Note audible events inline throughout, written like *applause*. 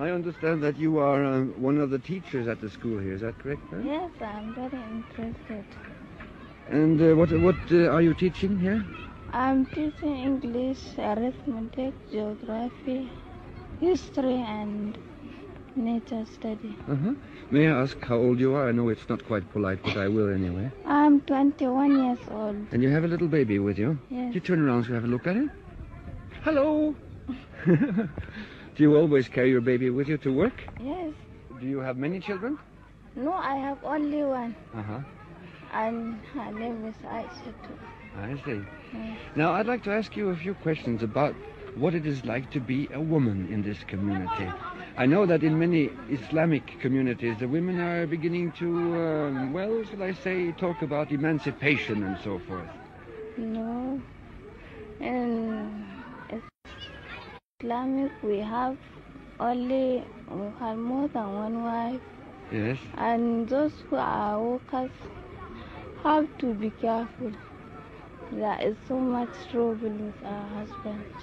I understand that you are um, one of the teachers at the school here. Is that correct? Huh? Yes, I'm very interested. And uh, what what uh, are you teaching here? I'm teaching English, arithmetic, geography, history, and nature study. Uh-huh. May I ask how old you are? I know it's not quite polite, but I will anyway. I'm 21 years old. And you have a little baby with you? Yes. You turn around so you have a look at it? Hello! *laughs* Do you always carry your baby with you to work? Yes. Do you have many children? No, I have only one. Uh-huh. And her name is Aisha too. I see. Yes. Now, I'd like to ask you a few questions about what it is like to be a woman in this community. I know that in many Islamic communities, the women are beginning to, um, well, shall I say, talk about emancipation and so forth. No. And Islamic, we have only we have more than one wife. Yes. And those who are workers have to be careful. There is so much trouble with our husbands.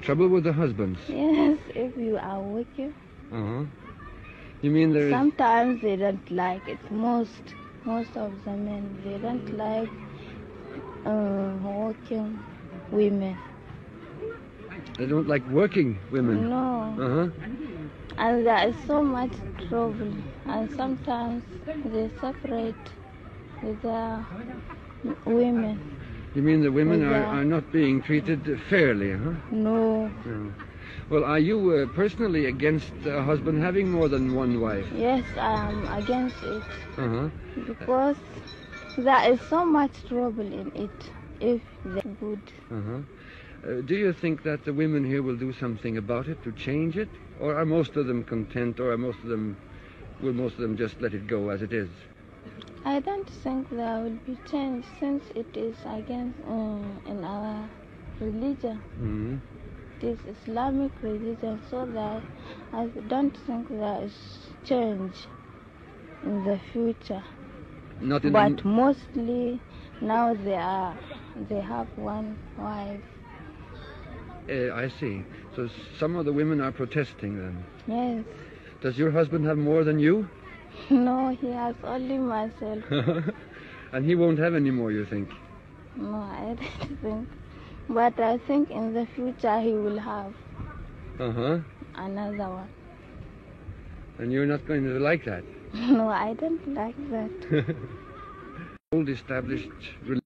Trouble with the husbands? Yes, *laughs* if you are working. Uh-huh. You mean there Sometimes is... they don't like it. Most, most of the men, they don't like uh, working women. They don't like working women? No. Uh-huh. And there is so much trouble. And sometimes they separate with the women. You mean the women are, are not being treated fairly, huh? No. no. Well, are you uh, personally against a husband having more than one wife? Yes, I am against it. Uh-huh. Because there is so much trouble in it if they're good. Uh-huh. Uh, do you think that the women here will do something about it to change it? Or are most of them content, or are most of them, will most of them just let it go as it is? I don't think there will be change since it is against um, uh, in our religion. Mm-hmm. This Islamic religion, so that I don't think there is change in the future. Not in but the... mostly now they are they have one wife uh, I see. So some of the women are protesting then? Yes. Does your husband have more than you? *laughs* No, he has only myself. *laughs* and he won't have any more, you think? No, I *laughs* don't think. But I think in the future he will have uh-huh. another one. And you're not going to like that? no, I don't like that. Old established